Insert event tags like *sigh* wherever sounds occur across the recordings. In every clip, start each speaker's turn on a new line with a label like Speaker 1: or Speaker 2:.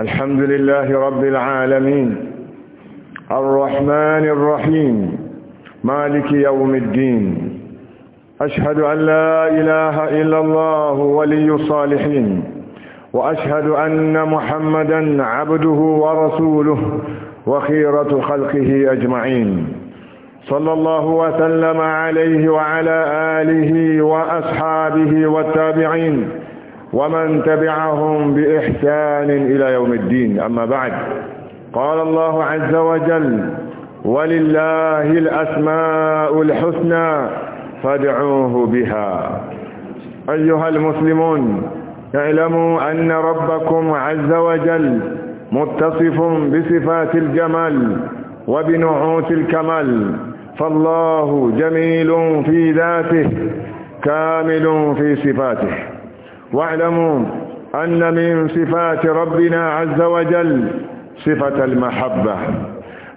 Speaker 1: الحمد لله رب العالمين الرحمن الرحيم مالك يوم الدين أشهد أن لا إله إلا الله ولي الصالحين وأشهد أن محمدا عبده ورسوله وخيرة خلقه أجمعين صلى الله وسلم عليه وعلى آله وأصحابه والتابعين ومن تبعهم بإحسان إلى يوم الدين أما بعد قال الله عز وجل ولله الأسماء الحسنى فادعوه بها أيها المسلمون اعلموا أن ربكم عز وجل متصف بصفات الجمال وبنعوت الكمال فالله جميل في ذاته كامل في صفاته واعلموا أن من صفات ربنا عز وجل صفة المحبة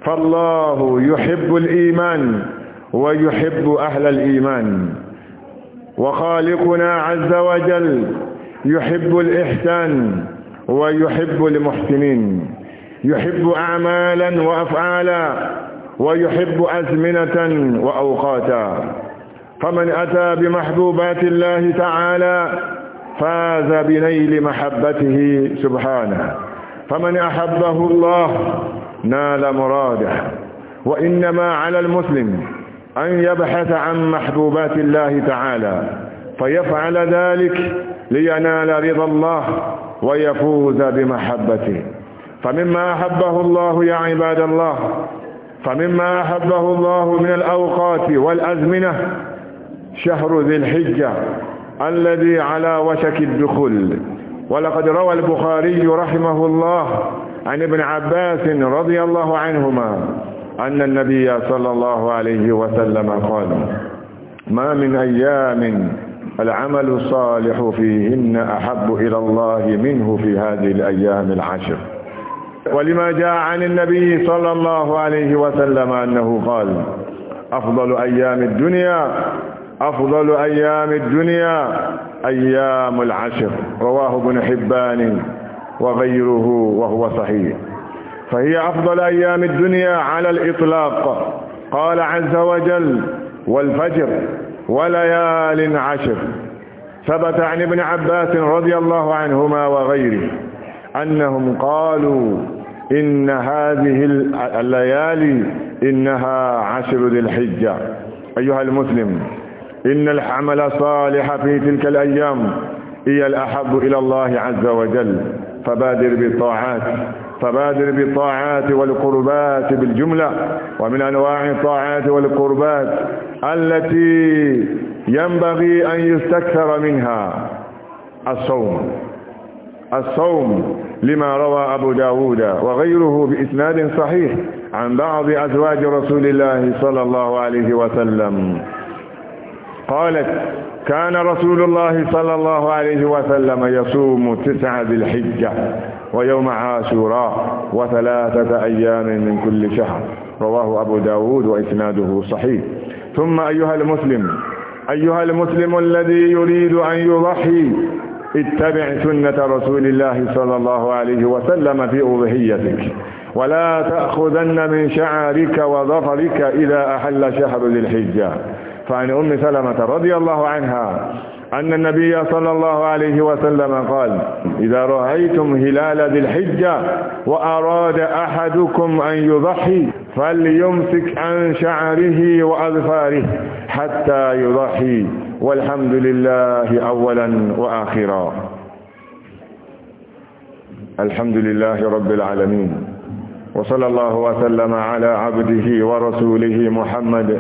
Speaker 1: فالله يحب الإيمان ويحب أهل الإيمان وخالقنا عز وجل يحب الإحسان ويحب المحسنين يحب أعمالا وأفعالا ويحب أزمنة وأوقاتا فمن أتى بمحبوبات الله تعالى فاز بنيل محبته سبحانه فمن أحبه الله نال مراده وإنما على المسلم أن يبحث عن محبوبات الله تعالى فيفعل ذلك لينال رضا الله ويفوز بمحبته فمما أحبه الله يا عباد الله فمما أحبه الله من الأوقات والأزمنة شهر ذي الحجة الذي على وشك الدخول ولقد روى البخاري رحمه الله عن ابن عباس رضي الله عنهما أن النبي صلى الله عليه وسلم قال ما من أيام العمل الصالح فيهن أحب إلى الله منه في هذه الأيام العشر ولما جاء عن النبي صلى الله عليه وسلم أنه قال أفضل أيام الدنيا أفضل أيام الدنيا أيام العشر رواه ابن حبان وغيره وهو صحيح فهي أفضل أيام الدنيا على الإطلاق قال عز وجل والفجر وليال عشر ثبت عن ابن عباس رضي الله عنهما وغيره أنهم قالوا إن هذه الليالي إنها عشر ذي الحجة أيها المسلم إن الحمل الصالح في تلك الأيام هي الأحب إلى الله عز وجل فبادر بالطاعات فبادر بالطاعات والقربات بالجملة ومن أنواع الطاعات والقربات التي ينبغي أن يستكثر منها الصوم الصوم لما روى أبو داود وغيره بإسناد صحيح عن بعض أزواج رسول الله صلى الله عليه وسلم قالت كان رسول الله صلى الله عليه وسلم يصوم تسعة ذي الحجة ويوم عاشوراء وثلاثة أيام من كل شهر رواه أبو داود وإسناده صحيح ثم أيها المسلم أيها المسلم الذي يريد أن يضحي اتبع سنة رسول الله صلى الله عليه وسلم في أضحيتك ولا تأخذن من شعرك وظفرك إذا أحل شهر ذي الحجة فعن أم سلمة رضي الله عنها أن النبي صلى الله عليه وسلم قال إذا رأيتم هلال ذي الحجة وأراد أحدكم أن يضحي فليمسك عن شعره وأظفاره حتى يضحي والحمد لله أولا وآخرا الحمد لله رب العالمين وصلى الله وسلم على عبده ورسوله محمد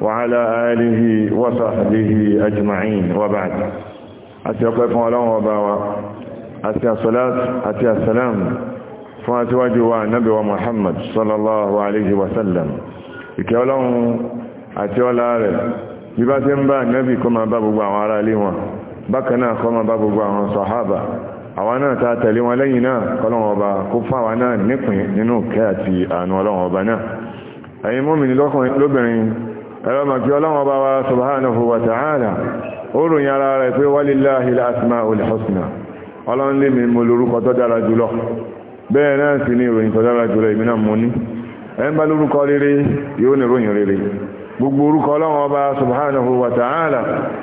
Speaker 1: وعلى آله وصحبه أجمعين وبعد أتيقف الله وبعوى أتي الصلاة أتي السلام فأتواجه نبي ومحمد صلى الله عليه وسلم ìkẹ́ ọlọ́run àti ọlá rẹ̀ bí bá ti ń bá nẹ́bì kó máa bá gbogbo àwọn ará ilé wọn bákan náà kó máa bá gbogbo àwọn sàhábà àwọn náà ta tẹ̀lé wọn lẹ́yìn náà kọ́lọ́wọ́n ọba kó fáwa náà nípìn nínú kẹ́ àti àánú ọlọ́run ọba náà ẹ̀yin mọ́mìnì lọ́kùnrin lóbìnrin ẹ̀rọ kí ọlọ́wọ́ bá wa subhanahu ara rẹ̀ pé walillahi al-asma'ul husna mi mo lórúkọ tó dára jùlọ bẹ́ẹ̀ náà sì ní ìròyìn tó dára jùlọ ìmìnà mọ́ ní ẹn bá lórúkọ rere yóò ní gbogbo orúkọ ọlọ́run ọba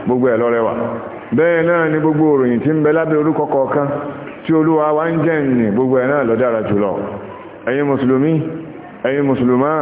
Speaker 1: gbogbo bẹ́ẹ̀ náà gbogbo ìròyìn tí ń bẹ lábẹ́ orúkọ kọ̀ọ̀kan tí olúwa wá gbogbo ẹ̀ náà lọ dára jùlọ ẹ̀yin mùsùlùmí ẹ̀yin mùsùlùmáà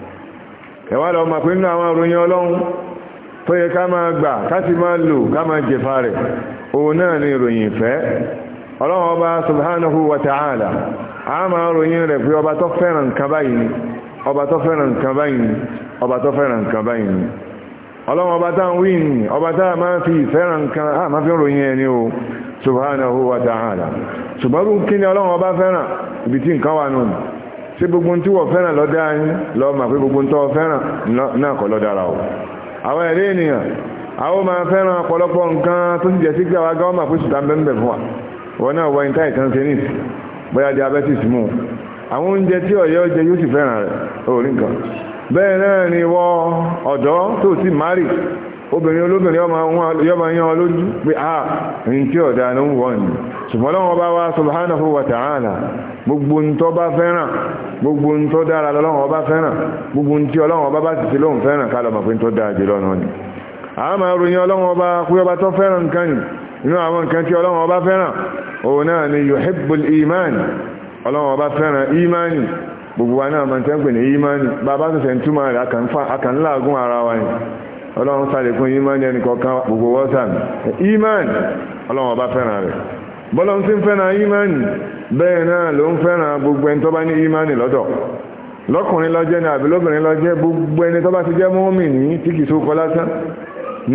Speaker 1: ẹ̀wà lọ ma pé nínú àwọn àròyìn ọlọ́run tó yẹ ká máa gbà ká sì máa lò ká máa jẹfà rẹ̀ òun náà ni ìròyìn ìfẹ́ ọlọ́run ọba subhanahu wa ta'ala a máa ròyìn rẹ̀ pé ọba tó fẹ́ràn nǹkan báyìí ni ọba tó fẹ́ràn nǹkan báyìí ni ọba tó fẹ́ràn nǹkan báyìí ni ọlọ́run ọba tá ń wí ní ọba tá a máa fi ìfẹ́ràn nǹkan a máa fi ròyìn ẹni o subhanahu wa ta'ala ṣùgbọ́n kí ni ọlọ́run ọba fẹ́ràn ibi tí nǹkan wà nù ṣé gbogbo tí wọ́n fẹ́ràn lọ́dá yín lọ mà pé gbogbo tó fẹ́ràn náà kọ́ lọ́dá ara o àwọn ẹ̀rí ènìyàn àwọn máa fẹ́ràn ọ̀pọ̀lọpọ̀ nǹkan tó sì jẹ́ sí pé àwa gáwọ́ mà pé sùtà bẹ́ẹ̀ fún wa wọn náà wọ nǹkan ìkan ṣe ní bóyá diabetes mú àwọn oúnjẹ tí ọ̀yọ́ jẹ yóò sì fẹ́ràn rẹ̀ orí nǹkan bẹ́ẹ̀ náà ni wọ ọ̀dọ́ tó sì márì obìnrin olóbìnrin yọmọ yán olójú pé a ah, ní tí ọ̀dá ló ń wọ́n ni ṣùgbọ́n lọ́wọ́ bá wá subhanahu wa ta'ala gbogbo ń tọ́ bá fẹ́ràn gbogbo ń tọ́ dára lọ́wọ́ bá fẹ́ràn gbogbo ń tí ọlọ́wọ́ bá bá ti ti lóhun fẹ́ràn ká lọ́mọ pé ń tọ́ dáa jù lọ́nà ni a máa ròyìn ọlọ́wọ́ bá pé ọba tó fẹ́ràn nǹkan ni inú àwọn nǹkan tí ọlọ́wọ́ bá fẹ́ràn òun náà gbogbo wa náà máa ń tẹ́ ń pè ní imani bàbá tó ń túmọ̀ rẹ̀ akànláàgún ara wa ni ọlọ́run sàlékún ìmánì ẹnìkọ̀ọ̀kan gbogbo wọ́sàn ìmánì ọlọ́run ọba fẹ́ràn rẹ̀ bọ́lọ́n sí ń fẹ́ràn imani bẹ́ẹ̀ náà ló ń fẹ́ràn gbogbo ẹni tó bá ní ìmánì lọ́dọ̀ lọ́kùnrin ló jẹ́ ní àbí lóbìnrin ló jẹ́ gbogbo ẹni tó bá ti jẹ́ mùmínì tí kìí sókọ lásán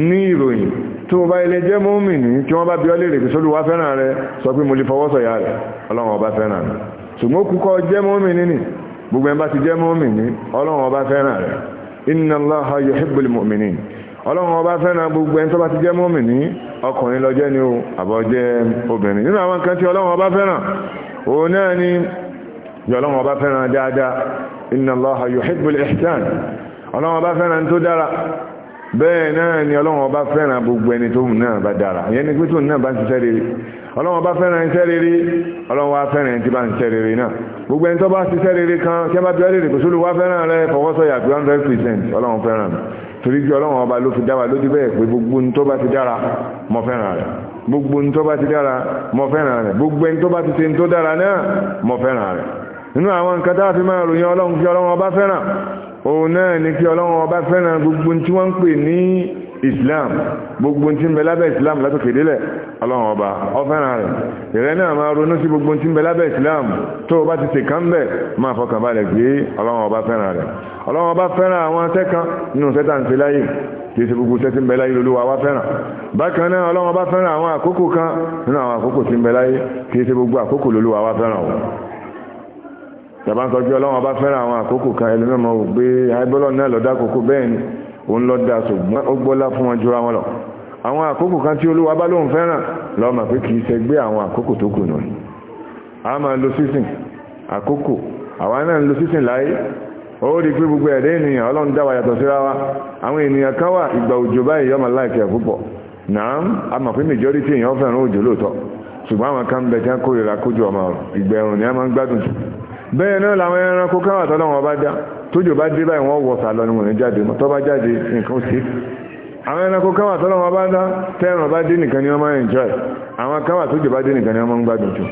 Speaker 1: ní ìròyìn tó bá ilé jẹ́ mùmínì tí wọ́n bá bí ọ lè rèké sólùwá fẹ́ràn rẹ̀ sọ pé mo lè fọwọ́ rẹ̀ ọlọ́run ọba fẹ́ràn rẹ̀ ṣùgbọ́n kúkọ jẹ́ mùmínì ni gbogbo ẹni bá ti jẹ́ mùmínì ọlọ́run ọba fẹ́ràn rẹ̀ inna Allaha yuhibbul mu'minin ọlọ́run ọba fẹ́ràn gbogbo ẹni tó bá ti jẹ́ mọ́mìnì ọkùnrin ló jẹ́ ni o àbọ̀ jẹ́ obìnrin nínú àwọn kan tí ọlọ́run ọba fẹ́ràn òun náà ni ọlọ́run ọba fẹ́ràn dáadáa inna Allaha yuhibbul ihsan ọlọ́run ọba fẹ́ràn tó dára bẹ́ẹ̀ náà ni ọlọ́run ọba fẹ́ràn gbogbo ẹni tó ọlọ́wọ́n bá fẹ́ràn iṣẹ́ rere ọlọ́wọ́n wá fẹ́ràn ẹni tí bá ń ṣiṣẹ́ rere náà gbogbo ẹni tó bá ṣiṣẹ́ rere kan tí a bá bẹ́ẹ̀ rere kò sólù wá fẹ́ràn rẹ fọwọ́sọ̀yà 100% ọlọ́wọ́n fẹ́ràn torí kí ọlọ́wọ́n ọba ló fi dá wa lójú bẹ́ẹ̀ pé gbogbo ní tó bá ti dára mo fẹ́ràn rẹ̀ gbogbo ní tó bá ti dára mo fẹ́ràn rẹ̀ gbogbo ẹni tó bá ti ṣe ní tó dára náà mo fẹ́ràn rẹ̀ nínú àwọn nǹkan tá a fi máa ròyìn ọlọ́run kí ọlọ́run ọba fẹ́ràn òun náà ni kí ọlọ́run ọba fẹ́ràn gbogbo tí wọ́n ń pè ní islam gbogbo tí ń bẹ lábẹ́ islam látòkè délẹ̀ ọlọ́run ọba ọfẹ́ràn rẹ̀ ìrẹ́ náà máa ronú sí gbogbo tí ń bẹ lábẹ́ islam tó o bá ti tèkán bẹ̀ máa fọkàn balẹ̀ pé ọlọ́run ọba fẹ́ràn rẹ̀ ọlọ́run ọba fẹ́ràn àwọn atẹ́kan nínú sẹ́tà ń ṣe láyé kì í ṣe gbogbo sẹ́tì ń bẹ láyé lolúwa wá fẹ́ràn bákan náà ọlọ́run ọba fẹ́ràn àwọn àkókò kan nínú àwọn àkókò tí ń bẹ láyé kì í ṣe gbogbo àkókò lolúwa wá fẹ́ràn o tàbá ń sọ pé ọlọ́run ọba fẹ́ràn àwọn àkókò kan ẹlòmíràn mọ̀ àìbọ́lọ́ náà lọ́dá àkókò bẹ́ẹ̀ ni òun lọ da ṣùgbọ́n gbọ́lá fún wọn jura wọn lọ àwọn àkókò kan tí olúwa bá lóhun fẹ́ràn lọ́mà pé kìí gbé àwọn àkókò tó kù nù a ma lo sísìn àkókò àwa náà lo sísìn láyé ó rí pé gbogbo ẹ̀dẹ́ ènìyàn ọlọ́run dáwà yàtọ̀ síra wa àwọn ènìyàn kan wà ìgbà òjò báyìí ma púpọ̀ náà a pé majority èèyàn fẹ́ràn òjò lóòótọ́ ṣùgbọ́n àwọn kan bẹ̀ tí wọ́n kórìíra kójú ọmọ ni a ma ń gbádùn tójò bá dé báyìí wọ́n wọ sàlọ ni wọ́n ní jáde mọ́ tó bá jáde nǹkan ṣe àwọn ẹranko káwà tọ́lọ́ wọn bá dá tẹ́ràn bá dé nìkan ni wọ́n máa ń enjoy àwọn káwà tójò bá dé nìkan ni wọ́n máa ń gbádùn jù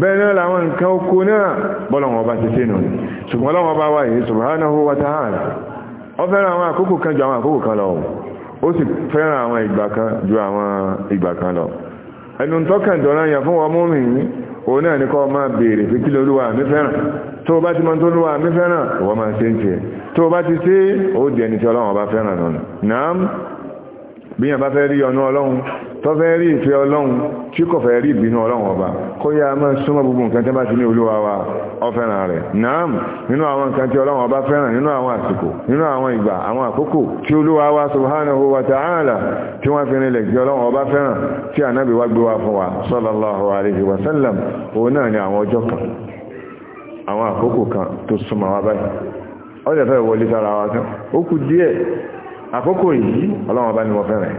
Speaker 1: bẹ́ẹ̀ náà làwọn nǹkan oko náà bọ́lọ̀ wọn bá ti ṣe nù ṣùgbọ́n lọ́wọ́ bá wà yìí subhanahu tó bá ti ma tó lúwà mí fẹ́ràn ìwọ ma ṣe ń tiẹ̀ tó bá ti ṣe ó di ẹni tí ọlọ́run ọba fẹ́ràn lọ́nà náà bí yàn bá fẹ́ rí ọ̀nà ọlọ́run tó fẹ́ rí ìfẹ́ ọlọ́run tí kò fẹ́ rí ìbínú ọlọ́run ọba kó yá máa súnmọ́ gbogbo nǹkan tí bá ti ní olúwa wa ọfẹ́ràn rẹ̀ náà nínú àwọn nǹkan tí ọlọ́run ọba fẹ́ràn nínú àwọn àsìkò nínú àwọn ìgbà àwọn àkókò tí olúwa subhanahu wa ta'ala tí wọ́n fi rinlẹ̀ tí ọlọ́run ọba fẹ́ràn tí ànábì gbé wa fún wa sallallahu àwọn àkókò kan tó súnmọ́ wá báyìí ọjọ́ fẹ́ wọlé sára wa tán ó kù díẹ̀ àkókò yìí ọlọ́run ọba ni mo fẹ́ràn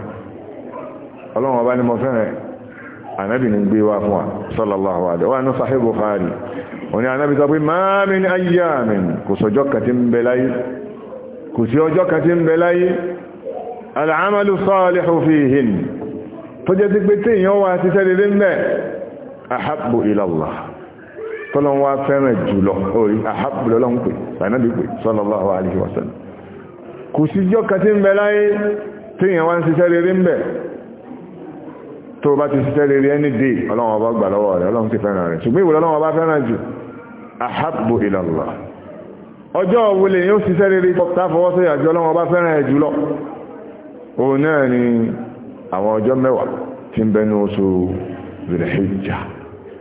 Speaker 1: ọlọ́run ọba ni mo fẹ́ràn ànábì ní gbé wá fún wa sallallahu alaihi wa ní sahih Bukhari òní ànábì sọ pé ma min ayyamin kò sọjọ́ kan tí ń bẹ láyé ahabbu ila Allah tọ́lọ́n wá fẹ́ràn jùlọ orí àhábùlọ́lọ́n pè tànàbí pè sallallahu alaihi wasallam kò sí jọ́ kàtí ń bẹ láyé tí ìyẹn wá ń ṣiṣẹ́ rere ń bẹ tó bá ti ṣiṣẹ́ rere ẹni dé ọlọ́wọ́n bá gbà lọ́wọ́ rẹ̀ ọlọ́run ti fẹ́ràn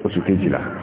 Speaker 1: rẹ̀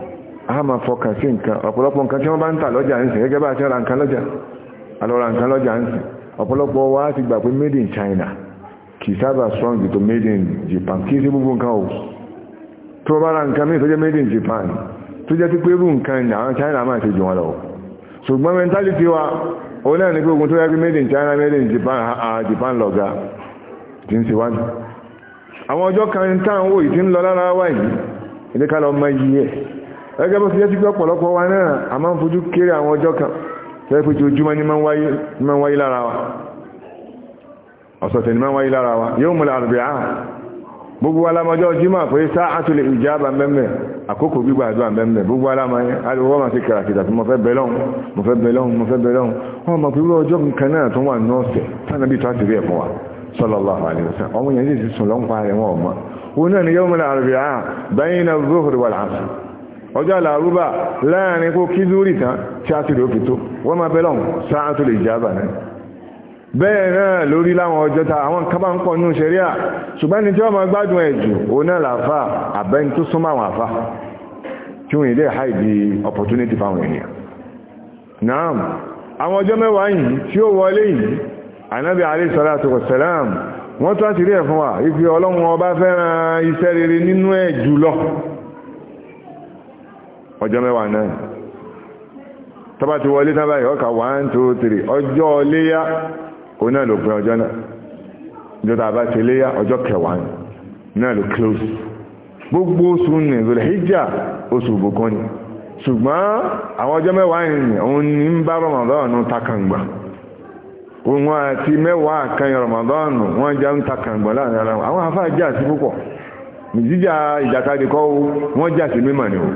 Speaker 1: a máa fọkàn sí nǹkan ọ̀pọ̀lọpọ̀ nǹkan tí wọ́n bá ń tà lọ́jà ń sìn gẹ́gẹ́ bá ti ra nǹkan lọ́jà alọ́ra nǹkan lọ́jà ń sìn ọ̀pọ̀lọpọ̀ wa ti gbà pé made in China kì í sábà strong to made in Japan kì í sí gbogbo nǹkan o tó bá ra nǹkan mìíràn tó jẹ́ made in Japan tó jẹ́ tí pé irú nǹkan ni àwọn China máa ṣe jù wọn lọ ṣùgbọ́n mentality wa òun náà ní pé ogun tó yẹ pé made in China made in Japan Japan lọ́gà ti ń ṣèwádìí àwọn ọjọ́ kan táwọn wò yìí ti ń lọ lára wáyìí ilé ká lọ mọ iye ẹgẹ́ bó fi jẹ́ sí pé ọ̀pọ̀lọpọ̀ wa náà a máa ń fojú kéré àwọn ọjọ́ kan tẹ́lẹ̀ pé ojoojúmọ́ ni máa ń wáyé lára wa ọ̀sọ̀tẹ̀ ni máa ń wáyé lára wa yóò múlẹ̀ àrùbíà gbogbo alamọjọ́ jímọ̀ pé sáàtù lè ìjábà mẹ́mẹ́ àkókò gbígbà àdúrà mẹ́mẹ́ gbogbo alamọyẹ alùwọ́ ma ti kàràkìtà tí mo fẹ́ bẹ̀lọ́hun mo fẹ́ bẹ̀lọ́hun mo fẹ́ bẹ̀lọ́hun wọ́n mọ̀ pé ọjọ́ kan náà tó wà nọ́ọ̀sẹ̀ tánàbí tó àti rí ẹ̀fún wa ọjọ́ àlàrúbà láàrin kó kí zúrì tán tí a ti rí òkè tó wọ́n máa bẹ́lọ̀ sáà tó lè jábà náà bẹ́ẹ̀ náà lórí láwọn ọjọ́ ta àwọn nǹkan bá ń pọ̀ nínú ṣẹ̀ríà ṣùgbọ́n ni tí wọ́n máa gbádùn ẹ̀ jù òun náà làáfà àbẹ́ni tó súnmọ́ àwọn àfà kí wọ́n ọjọ́ mẹ́wàá náà tọ́bá ti wọlé tán báyìí ọkà 1 2 3 ọjọ́ léyá o náà ló ọjọ́ náà ìjọ ti léyá ọjọ́ kẹwàá náà close gbogbo oṣù ní ìzòlẹ̀ hijab oṣù bùkún ni ṣùgbọ́n àwọn ọjọ́ mẹ́wàá yìí òun ń bá òun àti mẹ́wàá jẹ́ ń láàrin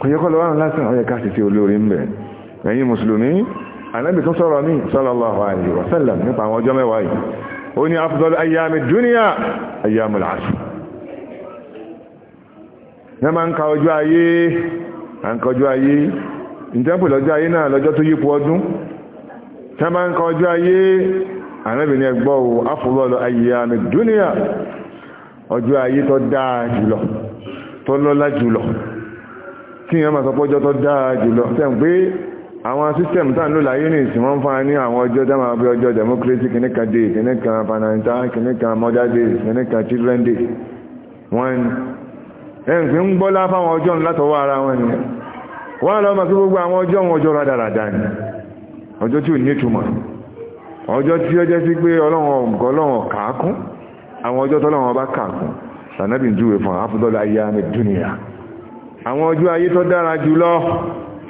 Speaker 1: kò yẹ kọ́ lọ́wọ́ lásán ọ̀yẹ káàkiri sí olórin bẹ̀ ẹ̀yin mùsùlùmí anábì tún sọ̀rọ̀ ní sallallahu alaihi wa sallam nípa àwọn ọjọ́ mẹ́wàá yìí ó ní afdalu ayyami dúníà ayyamul asr ní ma ń ka ọjọ́ ayé à ọjọ́ ayé ìjẹ́pù lọ́jọ́ ayé náà lọ́jọ́ tó yípo ọdún tí ma ń ka ọjọ́ ayé anábì ní ẹgbọ́ o ayyami dúníà ọjọ́ ayé tó dáa jùlọ tó lọ́lá jùlọ kí wọ́n máa sọ pọ́jọ́ tó dáa jùlọ tẹ́ pé àwọn system tá ń lò láyé ní ìsìn wọ́n fún ní àwọn ọjọ́ dáma bí ọjọ́ democracy kìníkà day kìníkà pananta kìníkà mother day kìníkà children day wọ́n ẹ̀ ń fi ń gbọ́lá fáwọn ọjọ́ látọwọ́ ara wọn ni wọ́n lọ́mọ sí gbogbo àwọn ọjọ́ wọn ọjọ́ rádaràdà ni ọjọ́ tí ò ní ìtumọ̀ ọjọ́ tí ó jẹ́ sí pé ọlọ́wọ̀n kàákún àwọn kàákún àwọn ọjọ́ ayé tó dára jùlọ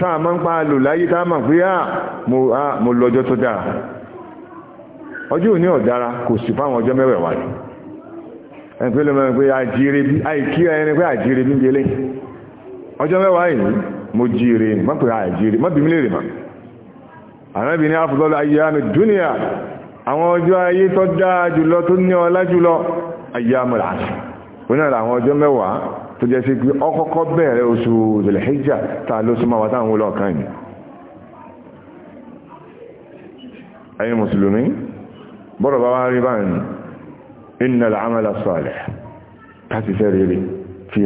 Speaker 1: táà máa ń pa lò láyé táà máa pé à mo lọ́jọ́ tó dára ọjọ́ òní ọ̀dára kò sì fáwọn ọjọ́ mẹ́wẹ̀ wà ní ẹgbẹ́ ló mẹ́rin pé àjíire bí àìkí ẹni pé àjíire bí gẹ́lẹ́ ọjọ́ mẹ́wàá yìí mo jíire má pé àjíire má bí mi lèrè mà àrẹ́bì ní àfùlọ́lọ́ ayé àmì dúnìyà àwọn ọjọ́ ayé tó dáa jùlọ tó ní ọlá jùlọ ayé àmì ràṣì ó náà àwọn ọjọ́ mẹ́wàá tó jẹ́ sí pé ọkọ́kọ́ bẹ̀rẹ̀ oṣù zulhijjá tá ló súnmọ́ wa táwọn olóò kan yìí ẹ̀yin mùsùlùmí bọ́rọ̀ bá wá rí báyìí innal amala salih káti fẹ́ rere fi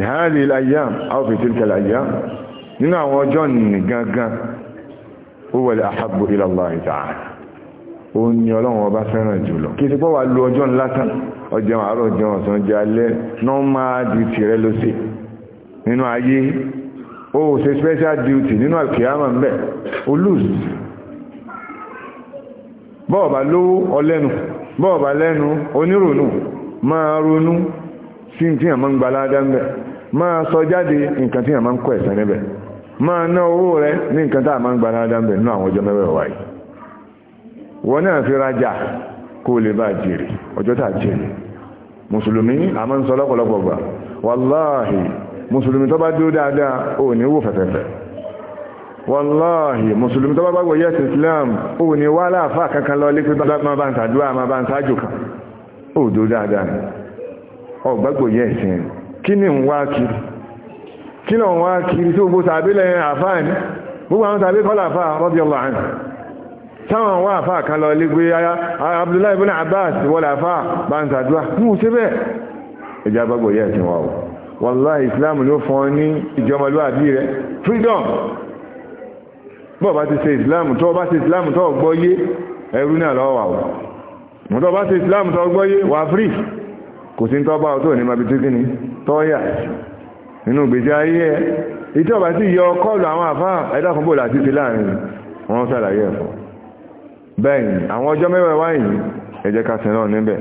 Speaker 1: ó ní ọlọ́run ọba fẹ́ràn jùlọ kí ti pọ́ wà lu ọjọ́ arụ ọjọ́ àárọ̀ ọjọ́ ọ̀sán jẹ́ alẹ́ rẹ ló nínú ayé ó ṣe special duty nínú àkíyàmà ń bẹ̀ ó lùs bọ́ọ̀bà lówó ọlẹ́nu bọ́ọ̀bà lẹ́nu onírònú máa ronú sí tí àmọ́ ń gbaládá ń bẹ̀ máa sọ jáde nǹkan àmọ́ ń kọ́ ẹ̀sán níbẹ̀ máa ná wọ́n náà fi rajà kó lè bá jèrè ọjọ́ tàà jèrè mùsùlùmí a máa ń sọ lọ́pọ̀lọpọ̀ gbà wàláhì mùsùlùmí tó bá dó dáadáa ò ní wò fẹ̀fẹ̀fẹ̀ wàláhì mùsùlùmí tó bá islam ò ní wá láàfáà kankan lọ lé ni ọ̀gbàgbọ́ yẹ́ ìsìn kí ni ń wá kiri kí ni ń wá kiri tó gbogbo tàbí àwọn tàbí kọ́lá àfáà radiyallahu anhu táwọn wá àfáà kan lọ lé gbé Abdullahi ibn Abbas wọ́n àfáà bá ń sàdúrà mú sí bẹ́ẹ̀ ìjà gbogbo yẹ́ ẹ̀sìn wa o wallahi Islam ló fún ọ ní ìjọmọlúwàbí rẹ freedom bọ́ọ̀ bá ti ṣe Islam tó bá ṣe Islam tó gbọ́ yé ẹrú náà lọ́wọ́ wà o mọ́tọ́ bá ṣe Islam tó gbọ́ yé wà free kò sí tọ́ bá ọ tó ní mabi tó kíni tọ́yà nínú gbèsè ayé ẹ ìtọ́ba sì yọ kọ́ọ̀lù àwọn àfáà ẹ̀dá fún bò láti ṣe láàrin wọn ṣàlàyé ẹ̀fọ́ bẹ́ẹ̀ni àwọn ọjọ́ mẹ́wàá wáyìí ẹ jẹ́ ká níbẹ̀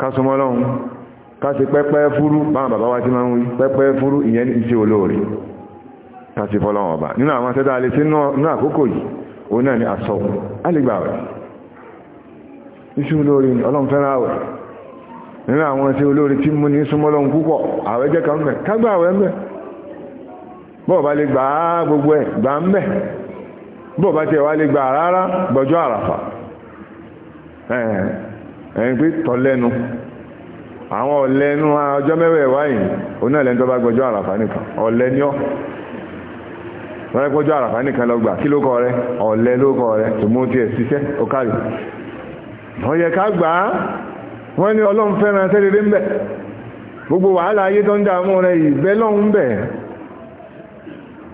Speaker 1: ká súnmọ́ Ọlọ́run pẹ́pẹ́ fúrú báwọn bàbá wa ti máa ń wí pẹ́pẹ́ fúrú ìyẹn ní iṣẹ́ olóore ká sì fọ́lọ́run ọba nínú àwọn tẹ́tà alẹ́ sí inú àkókò yìí òun ni àsọ alẹ́gbà rẹ̀ iṣẹ́ olóore Ọlọ́run fẹ́ràn àwẹ̀ nínú àwọn iṣẹ́ olóore tí mú ní súnmọ́ Ọlọ́run púpọ̀ àwẹ̀ jẹ́ ká ń bẹ̀ ká gbà àwẹ̀ ń lè gbà gbogbo ẹ̀ gbà ń bó bá tiẹ̀ wá lè gba rárá gbọ́jọ́ àràfà ẹ̀yìn pé tọ́lẹ́nu àwọn ọ̀lẹ́nu ọjọ́ mẹ́wẹ̀ẹ́ wáyìí òun náà lẹ́nu bá gbọ́jọ́ àràfà nìkan ọ̀lẹ́ni ọ́ àràfà nìkan lọ gbà kí ló kọ rẹ ọ̀lẹ́ ló kọ rẹ tiẹ̀ ṣiṣẹ́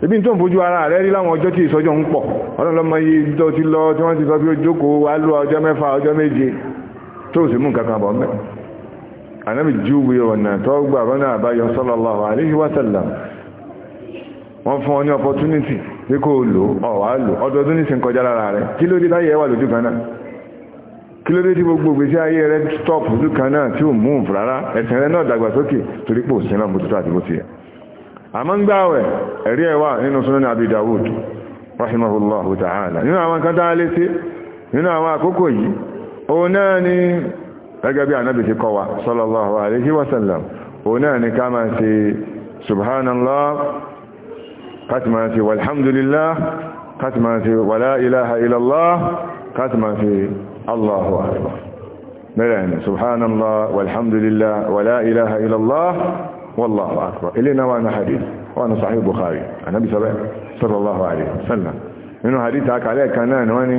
Speaker 1: ebi tó ń fojú ara rẹ̀ rí láwọn ọjọ́ tí ìsọjọ́ ń pọ̀ ọlọ́lọ́mọ yìí tó ti lọ tí wọ́n ti sọ pé ó jókòó wá lọ ọjọ́ mẹ́fà ọjọ́ méje tó sì mú nǹkan bọ̀ mẹ́ ànábì júwe ọ̀nà tó gbà rọ́nà àbáyọ sallallahu alaihi wa sallam wọ́n fún ọ ní opportunity pé kó lò ọ̀wà lò ọdọọdún nísìn kọjá lára rẹ̀ kí ló dé táyé stop lójú kan náà tí ò mú rárá ẹ̀sìn rẹ̀ náà dàgbàsókè torí àmọ́ ń gbáwẹ̀ ẹ̀rí ẹ̀wà nínú sunan Abi Dawud rahimahullahu ta'ala nínú àwọn kan tá lé sí nínú àwọn àkókò yìí òun náà ni gẹ́gẹ́ bí ànábì ti kọ́ wa sallallahu alaihi wasallam òun náà ni ká máa ṣe subhanallah káti walhamdulillah káti máa ilaha illallah wallahu akbar ilé náà wà ní hadith wà ní sahih bukhari anábi sọ bẹ́ẹ̀ sallallahu alaihi wasallam nínú hadith àkàlẹ̀ kan náà ni wọ́n ni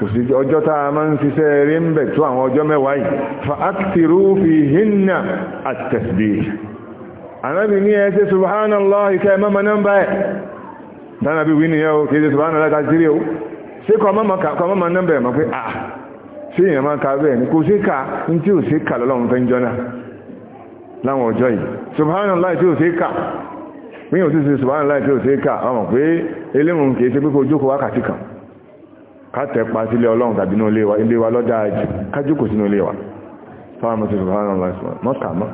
Speaker 1: kò sí ọjọ́ tá a máa ń ṣiṣẹ́ rí ń bẹ̀ tó àwọn ọjọ́ mẹ́wàá yìí fa aktiru fi hinna at-tasbih anábi ní ẹ ṣe subhanallah ìkẹ́ mọ́mọ́ nọ́mbà ẹ̀ tánàbí wí ni yẹ́ o kìí ṣe subhanallah ta sírí o ṣé kọ́ mọ́mọ́ nọ́mbà ẹ̀ mọ́ pé ah ṣé èèyàn máa ka bẹ́ẹ̀ ni kò sí ka ní tí ò sí ka lọ́lọ́run fẹ́ ń jọ náà láwọn ọjọ́ yìí subhanallah tí ó sí kà mí ò sí sí subhanallah tí ó sí kà ọmọ pé eléhùn kìí ṣe pípò jókòó wákàtí kan kátẹ̀pa sílé ọlọ́run tàbí inú ilé wa lọ́dá ajé kájókò sínú ilé fáwọn mọ́sí subhanallah mọ́kà mọ́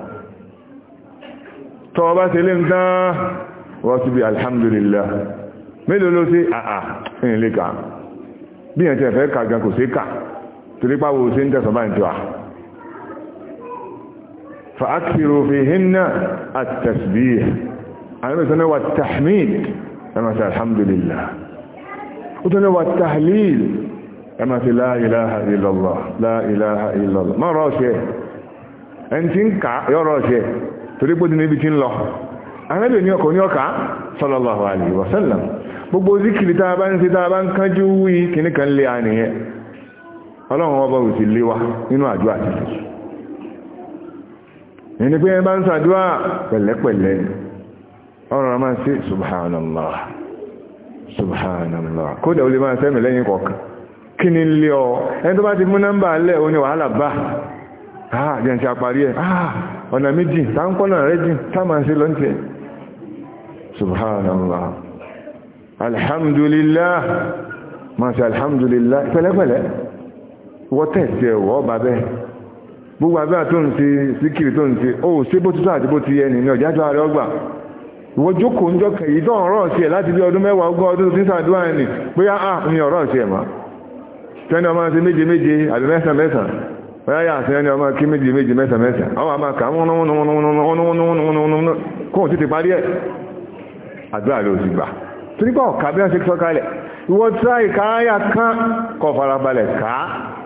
Speaker 1: tọ́ bá ṣe alhamdulillah mélòó ló sí àà ìrìnlẹ́ka bí ẹ̀ tẹ̀ fẹ́ kà gan kò sí فأكثروا فيهن التسبيح أنا مثلا والتحميد أنا مثلا الحمد لله وتنا والتحليل أنا مثلا لا إله إلا الله لا إله إلا الله ما رأسي أنت انكع يا رأسي تريد بدي نبيتين الله أنا بني أكون يوكع صلى الله عليه وسلم gbogbo zikiri ta bá ń ṣe ta bá ń kánjú wí kìnnìkan lé àníyẹ ọlọ́run ọba òsì léwá nínú àjọ àti ìṣẹ́ ẹni pé ẹ bá ń sàdúrà pẹ̀lẹ́pẹ̀lẹ́ ọ̀rọ̀ a máa sí subhanallah subhanallah kódà ó lè máa sẹ́mì lẹ́yìn kọ̀ọ̀kan kí ni ọ ẹni tó bá ti mú nọ́mbà alẹ́ ó wàhálà bá ah ọ àparí ẹ̀ ah, ọ̀nà méjì táńkọ́nà rẹ̀ jìn táàmà sí lọ́ntẹ̀ subhanallah alhamdulillah alhamdulillah gbogbo àbẹ́ tó ń ṣe síkìrì tó ń ṣe ó ṣe bó ti sọ àti bó ti yẹ nìyẹn ọ̀já àdúrà rẹ̀ ọgbà ìwọ jókòó ń jọkẹ̀ yìí tán ọ̀rọ̀ sí ẹ̀ láti bí ọdún mẹ́wàá ogún ọdún tí sàdúrà ni pé á ní ọ̀rọ̀ sí ẹ̀ mà tẹ́ni ọmọ ṣe méje méje àbí mẹ́sàn mẹ́sàn bóyá yà sí ẹni ọmọ kí méje méje mẹ́sàn mẹ́sàn ọmọ àmà kà kóhùn títí parí ẹ̀ àdúrà rẹ̀ òsì gbà torí pé ọ̀ka bí wọ́n ṣe sọ́kalẹ̀ ìwọ tíráì káyà kan kọ̀ farabalẹ̀ ká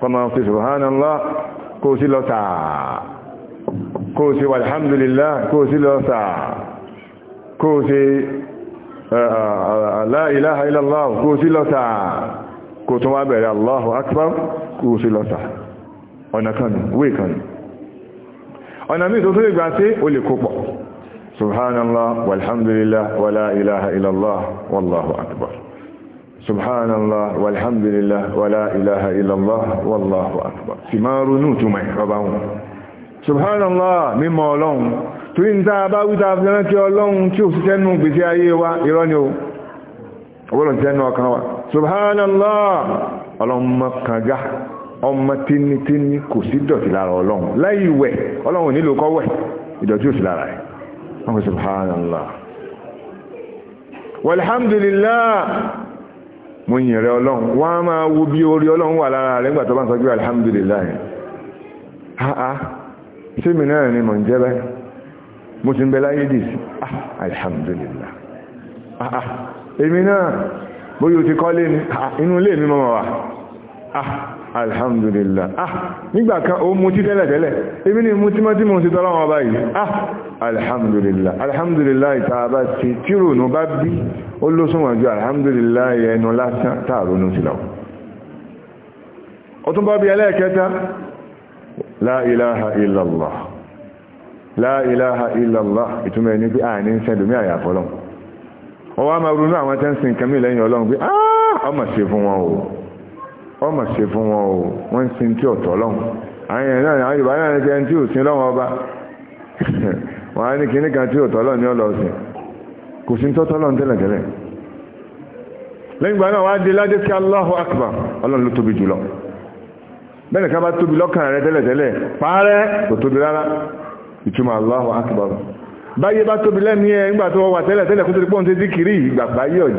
Speaker 1: kọmọ fi subhanallah kó sí lọ tàà kó sí walhamdulillah kó sí lọ tàà kó sí la ilaha illallah kó sí lọ tàà kó tún wá bẹ̀rẹ̀ allahu akbar kó sí lọ tàà ọ̀nà kan wé kan ọ̀nà mí tó tó lè sí ó lè kó pọ̀ subhanallah walhamdulillah wala ilaha illallah سبحان الله والحمد لله ولا إله إلا الله والله أكبر سمار رنوت ما يحبون سبحان الله مما أولون ترين تابا وتافلنا كي أولون تشوف تنو بسي أيوا إيرانيو أولون تنو أكوا سبحان الله اللهم كجح ọmọ tíní tíní kò sí dọ̀tí lára ọlọ́run láì wẹ̀ ọlọ́run nílò kọ́ wẹ̀ ìdọ̀tí ò sí lára ẹ̀ mo yìn rẹ ọlọ́run wọ́n á máa wo bí orí ọlọ́run wà lára rẹ̀ nígbà tó bá ń sọ pé alhamdulillah ha'a ṣé mi náà ni mò ń jẹ́ mo ti ń bẹ láyé dì sí ah, alhamdulillah ha'a èmi náà bóyá o ti kọ́lé ni ah, inú ilé mi mọ́ wà ah alhamdulillah ah nígbà kan o mú tí tẹ́lẹ̀ tẹ́lẹ̀ ibi ni mú tí mọ́ tí mọ́ sí tọ́lọ́wọ́ báyìí ah alhamdulillah alhamdulillah ìtaàbá ti tírònú bá bí ó ló súnwọ̀n ju alhamdulillah ẹnu lásán tààrónú sílọ ó tún bá bí ẹlẹ́ẹ̀kẹta la ilaha illallah la ilaha illallah ìtumọ̀ ní bí àní sẹ́dùmí àyàfọ́lọ́ ọwọ́ a máa ronú àwọn tẹ́ǹsìn kẹmí lẹ́yìn ọlọ́run pé ah ọmọ sí fún wọn o Ọ ma ṣe fún wọn o wọ́n ń tí ọ̀tọ̀ lọ́hùn àwọn èèyàn náà àwọn yorùbá náà jẹ́ tí ò sin lọ́wọ́ ọba *laughs* á ní ní kò sí tọ́tọ́ lọ́hùn tẹ́lẹ̀tẹ́lẹ̀ lẹ́yìn ìgbà náà ládé sí tóbi jùlọ bẹ́ẹ̀ bá tóbi lọ́kàn rẹ tẹ́lẹ̀tẹ́lẹ̀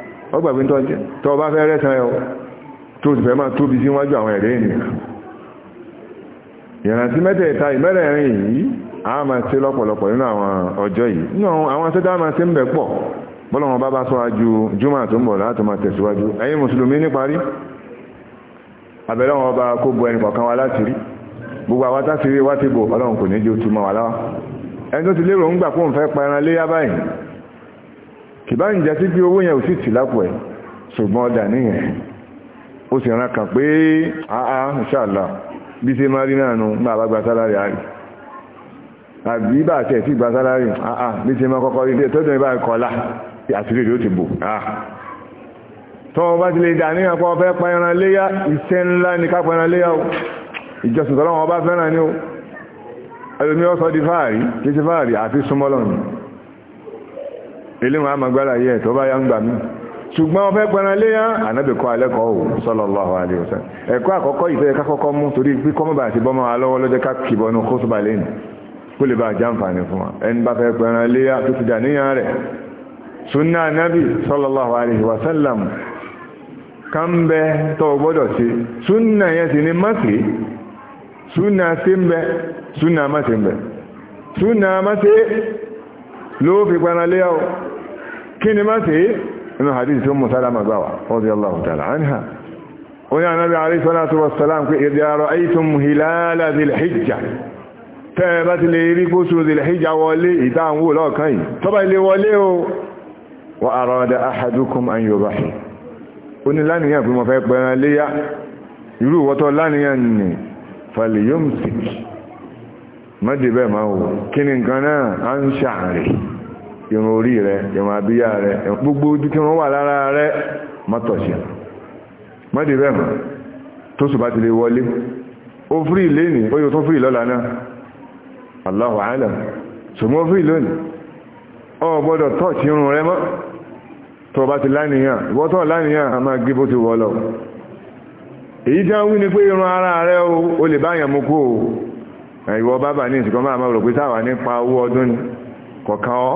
Speaker 1: ọgbàgbé tọ́jẹ́ tọ́ bá fẹ́ rẹ́sàn ẹ̀ tó ti fẹ́ máa tóbi sí wájú àwọn ẹ̀rẹ́ ènìyàn ìrántí mẹ́tẹ̀ẹ̀ta ìmẹ́rẹ̀ẹ̀rin yìí a máa ṣe lọ́pọ̀lọpọ̀ nínú àwọn ọjọ́ yìí nínú àwọn sẹ́dá máa ṣe ń bẹ̀ pọ̀ bọ́lọ̀wọ́n bá bá sọ́wájú júmọ̀ tó ń bọ̀ láti máa tẹ̀síwájú ẹ̀yin mùsùlùmí ní parí abẹ́lọ́wọ́n ọba kó bo ẹnì kọ̀ọ̀kan wa láti rí gbogbo àwọn tásìrí wá ti bò ọlọ́run kò ní jẹ́ kìbá ń jẹ́ sí pé owó yẹn ò sì tì lápò ẹ̀ ṣùgbọ́n ọ̀dà níyẹn ó sì rán kàn pé àá ṣàlà bí ṣe máa rí náà nu bá bá gba sálárì àárí àbí bá àti ẹ̀sì gba sálárì àá bí ṣe máa kọ́kọ́ rí tọ́jọ́ ìbá kọlá àtúrò rí ó ti bò tọ́wọ́ bá ti lè dà ní àpá ọ̀fẹ́ pẹran léyá iṣẹ́ ńlá ní ká pẹran léyá o ìjọsìn tọ́lọ́wọ́ bá fẹ́ràn ní o ẹlòmí ọ̀sọ́ di fáàrí kí ti fáàrí àti súnmọ́lọ́nù eléwọ̀n amagbára yẹ tó bá yá ń gbà mí ṣùgbọ́n ọ̀fẹ́ gbẹran léyà ànábìkọ́ alẹ́kọ̀ọ́ ò sallallahu alaihi wasallam ẹ̀kọ́ àkọ́kọ́ ìfẹ́ ká kọ́kọ́ mú torí pé kọ́mọ̀bà àti bọ́mọ̀ alọ́wọ́ lọ́jọ́ ká kìbọnú kó tó bà lẹ́nu kó lè bá jàǹfààní fún wa ẹni bá fẹ́ gbẹran léyà tó ti dàníyàn rẹ̀ sunna anábì sallallahu alaihi wasallam kan bẹ tó gbọ́dọ̀ sí sunna yẹn sì ni mọ́sí sunna sí sunna mọ́sí ń bẹ sunna mọ́sí ló fi gbẹran léyà o kí ni má sí inú hadith tó mú sálámà gbáwà radiyallahu ta'ala anha oní ànábí alayhi salatu wassalam pé idha ra'aytum hilala zilhijja tẹ́ bá ti lè rí gbóṣù zilhijja wọlé ìdáhùn lọ́ọ̀kan yìí tọ́bà ilé wọlé ó ní láníyàn pé mo fẹ́ pẹran léyá irú ìwọ́tọ́ láníyàn ni falyumsik má dìbẹ̀ máa wò kí ni nǹkan náà à irun orí rẹ ìrùn abíyá rẹ gbogbo ojú tí wà lára rẹ mọ́tọ̀ṣẹ̀ mọ́dé mọ́ tó sùn bá ti lè wọlé ó fúrì lẹ́nìí ó yóò tó fúrí lọ́la náà lè bábà ní ìsìnkọ́ máa máa rò pé sáwà nípa owó ọdún kọ̀ọ̀kan ọ́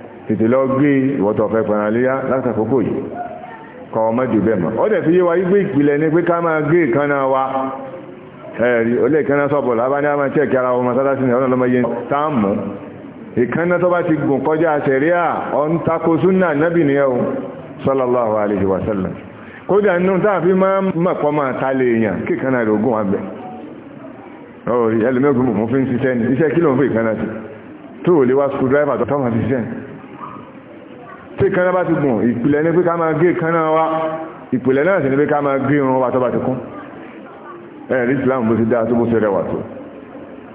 Speaker 1: tètè lọ gbé ìwọ́tọ̀ fẹ́ pẹ̀rànlẹ́yà látàkókò yìí kọ ọmọdé bẹ́ẹ̀ mọ́ ó dẹ̀ fi yé wa igbó ìpìlẹ̀ ni pé ká máa wa ẹ̀rí olè ìkànnà sọ̀bọ̀ lábáni a máa chẹ́ẹ̀kì ara wọn mọ́sálásí ní ọlọ́mọ yẹn táàmù ìkànnà tó bá ti gùn kọjá súnà nábì wa kódà nínú tá a fi máa mọ̀pọ̀ máa ta lè kí rẹ̀ ogún wa bẹ̀ ọ̀rí mọ̀ fún ṣiṣẹ́ ni iṣẹ́ kí ló ń tí kanáà bá ti gùn ìpìlẹ̀ ní pé ká máa gé kanáà wá ìpìlẹ̀ náà sì ní pé ká máa gé irun wa tó bá ti kún ẹ̀rí islam bó ti dáa tó bó ti rẹwà tó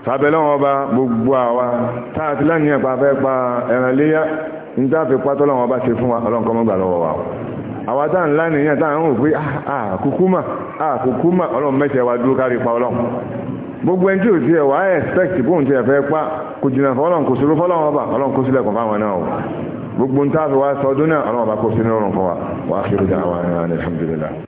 Speaker 1: sábẹ́lọ́wọ́ ọba gbogbo àwa táàtì láàrin ẹ̀pà fẹ́ pa ẹran léyá ń dáàfẹ́ pátọ́ lọ́wọ́ ọba ṣe fún wa ọlọ́nkọ́ mọ́gbà lọ́wọ́ wa àwa táà ńlá nìyẹn táà ń rò pé àkùkúmà ah, ah, àkùkúmà ah, ọlọ́run mẹ́tẹ̀ẹ́ wa dúró kárí pa ọlọ́run gbogbo ẹni tí ò tiẹ̀ wà á expect bóun tiẹ̀ fẹ́ pa kò jìnnà fọlọ́run kò sóró fọlọ́run ọba ọlọ́run kó sílẹ̀kùn fáwọn náà gbogbo ń tàbí wá sọdún náà ọlọ́wọ́ bá kó sínú ọrùn fún wa wà á fi rúdà àwọn alhamdulillah